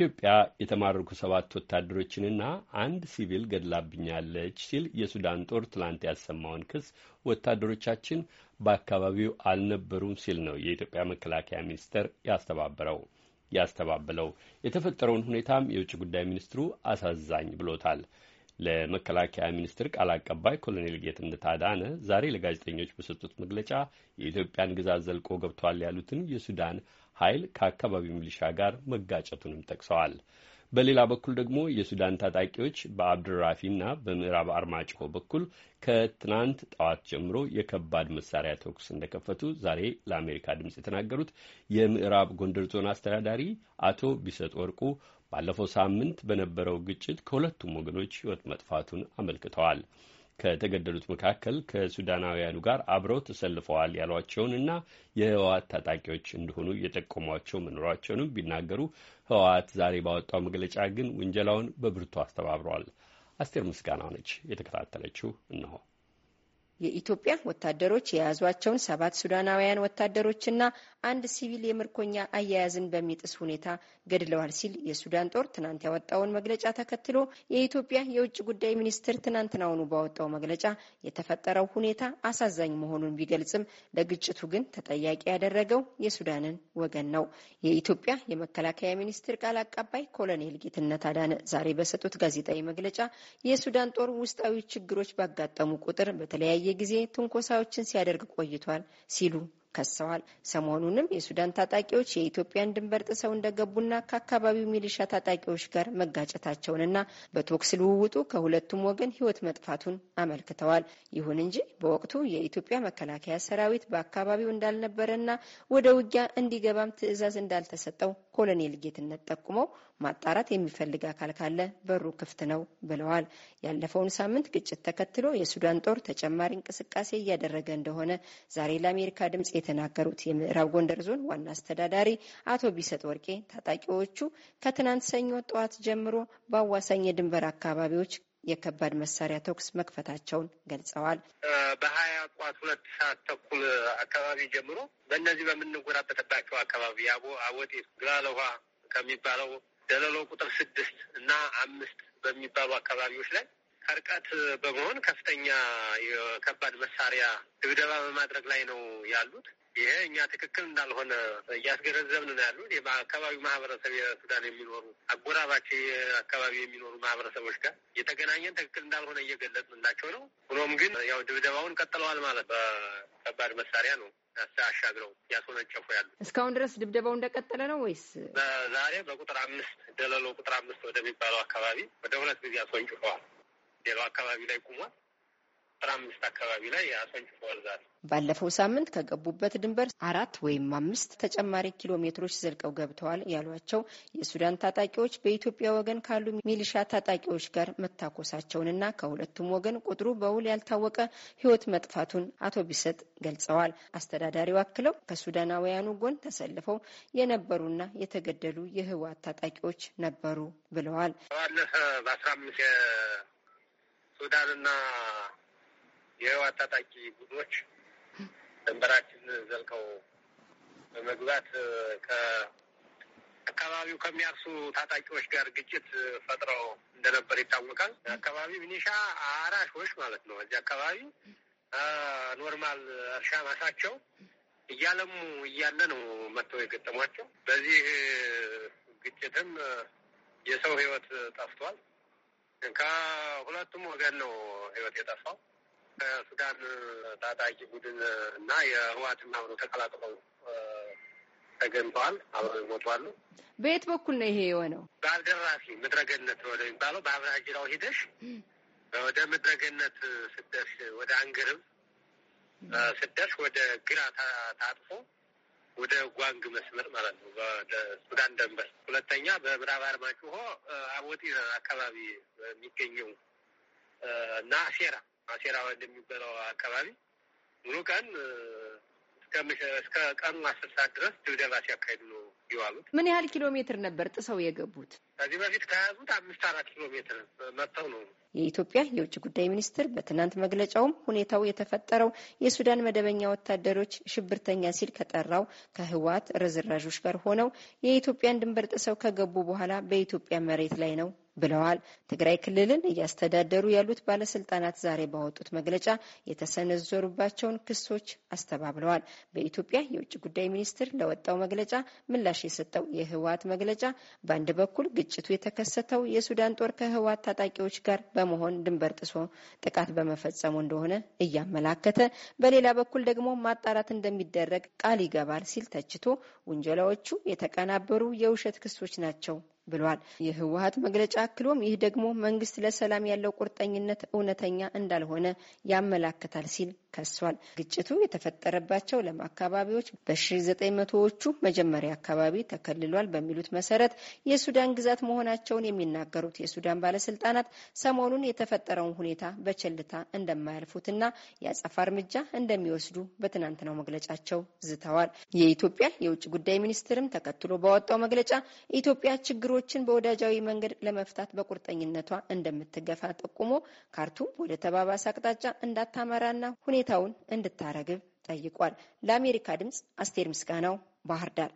ኢትዮጵያ የተማረኩ ሰባት ወታደሮችንና አንድ ሲቪል ገድላብኛለች ሲል የሱዳን ጦር ትላንት ያሰማውን ክስ ወታደሮቻችን በአካባቢው አልነበሩም ሲል ነው የኢትዮጵያ መከላከያ ሚኒስቴር ያስተባበረው ያስተባበለው። የተፈጠረውን ሁኔታም የውጭ ጉዳይ ሚኒስትሩ አሳዛኝ ብሎታል። ለመከላከያ ሚኒስትር ቃል አቀባይ ኮሎኔል ጌትነት አዳነ ዛሬ ለጋዜጠኞች በሰጡት መግለጫ የኢትዮጵያን ግዛት ዘልቆ ገብቷል ያሉትን የሱዳን ኃይል ከአካባቢው ሚሊሻ ጋር መጋጨቱንም ጠቅሰዋል። በሌላ በኩል ደግሞ የሱዳን ታጣቂዎች በአብድራፊና በምዕራብ አርማጭሆ በኩል ከትናንት ጠዋት ጀምሮ የከባድ መሳሪያ ተኩስ እንደከፈቱ ዛሬ ለአሜሪካ ድምፅ የተናገሩት የምዕራብ ጎንደር ዞን አስተዳዳሪ አቶ ቢሰጥ ወርቁ ባለፈው ሳምንት በነበረው ግጭት ከሁለቱም ወገኖች ሕይወት መጥፋቱን አመልክተዋል። ከተገደሉት መካከል ከሱዳናውያኑ ጋር አብረው ተሰልፈዋል ያሏቸውንና የህወሓት ታጣቂዎች እንደሆኑ የጠቆሟቸው መኖሯቸውንም ቢናገሩ ህወሓት ዛሬ ባወጣው መግለጫ ግን ውንጀላውን በብርቱ አስተባብሯል። አስቴር ምስጋናው ነች የተከታተለችው። እነሆ የኢትዮጵያ ወታደሮች የያዟቸውን ሰባት ሱዳናውያን ወታደሮችና አንድ ሲቪል የምርኮኛ አያያዝን በሚጥስ ሁኔታ ገድለዋል ሲል የሱዳን ጦር ትናንት ያወጣውን መግለጫ ተከትሎ የኢትዮጵያ የውጭ ጉዳይ ሚኒስትር ትናንትናውኑ ባወጣው መግለጫ የተፈጠረው ሁኔታ አሳዛኝ መሆኑን ቢገልጽም ለግጭቱ ግን ተጠያቂ ያደረገው የሱዳንን ወገን ነው። የኢትዮጵያ የመከላከያ ሚኒስትር ቃል አቀባይ ኮሎኔል ጌትነት አዳነ ዛሬ በሰጡት ጋዜጣዊ መግለጫ የሱዳን ጦር ውስጣዊ ችግሮች ባጋጠሙ ቁጥር በተለያየ በተለያየ ጊዜ ትንኮሳዎችን ሲያደርግ ቆይቷል ሲሉ ከሰዋል። ሰሞኑንም የሱዳን ታጣቂዎች የኢትዮጵያን ድንበር ጥሰው እንደገቡና ከአካባቢው ሚሊሻ ታጣቂዎች ጋር መጋጨታቸውንና በተኩስ ልውውጡ ከሁለቱም ወገን ሕይወት መጥፋቱን አመልክተዋል። ይሁን እንጂ በወቅቱ የኢትዮጵያ መከላከያ ሰራዊት በአካባቢው እንዳልነበረና ወደ ውጊያ እንዲገባም ትዕዛዝ እንዳልተሰጠው ኮሎኔል ጌትነት ጠቁመው ማጣራት የሚፈልግ አካል ካለ በሩ ክፍት ነው ብለዋል። ያለፈውን ሳምንት ግጭት ተከትሎ የሱዳን ጦር ተጨማሪ እንቅስቃሴ እያደረገ እንደሆነ ዛሬ ለአሜሪካ ድምጽ የተናገሩት የምዕራብ ጎንደር ዞን ዋና አስተዳዳሪ አቶ ቢሰጥ ወርቄ ታጣቂዎቹ ከትናንት ሰኞ ጠዋት ጀምሮ በአዋሳኝ የድንበር አካባቢዎች የከባድ መሳሪያ ተኩስ መክፈታቸውን ገልጸዋል። በሀያ ቋት ሁለት ሰዓት ተኩል አካባቢ ጀምሮ በእነዚህ በምንጎራበትባቸው አካባቢ አቦ አወጤ ግላለኋ ከሚባለው ደለሎ ቁጥር ስድስት እና አምስት በሚባሉ አካባቢዎች ላይ ከርቀት በመሆን ከፍተኛ የከባድ መሳሪያ ድብደባ በማድረግ ላይ ነው ያሉት። ይሄ እኛ ትክክል እንዳልሆነ እያስገነዘብን ነው ያሉ በአካባቢው ማህበረሰብ የሱዳን የሚኖሩ አጎራባች አካባቢ የሚኖሩ ማህበረሰቦች ጋር እየተገናኘን ትክክል እንዳልሆነ እየገለጽንላቸው ነው። ሆኖም ግን ያው ድብደባውን ቀጥለዋል ማለት በከባድ መሳሪያ ነው አሻግረው ያስወነጨፉ ያሉ። እስካሁን ድረስ ድብደባው እንደቀጠለ ነው ወይስ? በዛሬ በቁጥር አምስት ደለሎ ቁጥር አምስት ወደሚባለው አካባቢ ወደ ሁለት ጊዜ አስወንጭፈዋል። ሌላው አካባቢ ላይ ቁሟል። አስራ አምስት አካባቢ ላይ አሰንጭፎ ወርዛል። ባለፈው ሳምንት ከገቡበት ድንበር አራት ወይም አምስት ተጨማሪ ኪሎ ሜትሮች ዘልቀው ገብተዋል ያሏቸው የሱዳን ታጣቂዎች በኢትዮጵያ ወገን ካሉ ሚሊሻ ታጣቂዎች ጋር መታኮሳቸውንና ከሁለቱም ወገን ቁጥሩ በውል ያልታወቀ ሕይወት መጥፋቱን አቶ ቢሰጥ ገልጸዋል። አስተዳዳሪው አክለው ከሱዳናውያኑ ጎን ተሰልፈው የነበሩና የተገደሉ የህወሓት ታጣቂዎች ነበሩ ብለዋል። ባለፈ በአስራ አምስት የሱዳንና የህወሓት ታጣቂ ቡድኖች ድንበራችን ዘልቀው በመግባት ከአካባቢው ከሚያርሱ ታጣቂዎች ጋር ግጭት ፈጥረው እንደነበር ይታወቃል። አካባቢ ሚኒሻ አራሾች ማለት ነው። እዚህ አካባቢ ኖርማል እርሻ ማሳቸው እያለሙ እያለ ነው መጥተው የገጠሟቸው። በዚህ ግጭትም የሰው ህይወት ጠፍቷል። ከሁለቱም ወገን ነው ህይወት የጠፋው። ከሱዳን ታጣቂ ቡድን እና የህዋትን አብሮ ተቀላቅለው ተገንተዋል። አብሮ ይሞቷሉ። በየት በኩል ነው ይሄ የሆነው? በአልደራሲ ምድረገነት ወደ የሚባለው በአብራጅራው ሂደሽ ወደ ምድረገነት ስደርሽ ወደ አንግርም ስደርሽ ወደ ግራ ታጥፎ ወደ ጓንግ መስመር ማለት ነው፣ ወደ ሱዳን ደንበር። ሁለተኛ በምዕራብ አርማጭሆ አቦጤ አካባቢ የሚገኘው እና ሴራ ማሴራ እንደሚበላው አካባቢ ሙሉ ቀን እስከ ቀኑ አስር ሰዓት ድረስ ድብደባ ሲያካሂዱ ነው የዋሉት። ምን ያህል ኪሎ ሜትር ነበር ጥሰው የገቡት? ከዚህ በፊት ከያዙት አምስት አራት ኪሎ ሜትር መጥተው ነው። የኢትዮጵያ የውጭ ጉዳይ ሚኒስትር በትናንት መግለጫውም ሁኔታው የተፈጠረው የሱዳን መደበኛ ወታደሮች ሽብርተኛ ሲል ከጠራው ከህወሓት ርዝራዦች ጋር ሆነው የኢትዮጵያን ድንበር ጥሰው ከገቡ በኋላ በኢትዮጵያ መሬት ላይ ነው ብለዋል። ትግራይ ክልልን እያስተዳደሩ ያሉት ባለስልጣናት ዛሬ ባወጡት መግለጫ የተሰነዘሩባቸውን ክሶች አስተባብለዋል። በኢትዮጵያ የውጭ ጉዳይ ሚኒስቴር ለወጣው መግለጫ ምላሽ የሰጠው የህወሓት መግለጫ በአንድ በኩል ግጭቱ የተከሰተው የሱዳን ጦር ከህወሓት ታጣቂዎች ጋር በመሆን ድንበር ጥሶ ጥቃት በመፈጸሙ እንደሆነ እያመላከተ፣ በሌላ በኩል ደግሞ ማጣራት እንደሚደረግ ቃል ይገባል ሲል ተችቶ ውንጀላዎቹ የተቀናበሩ የውሸት ክሶች ናቸው ብሏል። የህወሀት መግለጫ አክሎም ይህ ደግሞ መንግስት ለሰላም ያለው ቁርጠኝነት እውነተኛ እንዳልሆነ ያመላክታል ሲል ከሷል። ግጭቱ የተፈጠረባቸው ለም አካባቢዎች በ1900ዎቹ መጀመሪያ አካባቢ ተከልሏል በሚሉት መሰረት የሱዳን ግዛት መሆናቸውን የሚናገሩት የሱዳን ባለስልጣናት ሰሞኑን የተፈጠረውን ሁኔታ በቸልታ እንደማያልፉትና የአጸፋ እርምጃ እንደሚወስዱ በትናንትናው መግለጫቸው ዝተዋል። የኢትዮጵያ የውጭ ጉዳይ ሚኒስትርም ተከትሎ ባወጣው መግለጫ ኢትዮጵያ ችግሮችን በወዳጃዊ መንገድ ለመፍታት በቁርጠኝነቷ እንደምትገፋ ጠቁሞ ካርቱም ወደ ተባባሰ አቅጣጫ እንዳታመራና ሁኔ ሁኔታውን እንድታረግብ ጠይቋል። ለአሜሪካ ድምፅ አስቴር ምስጋናው ባህር ዳር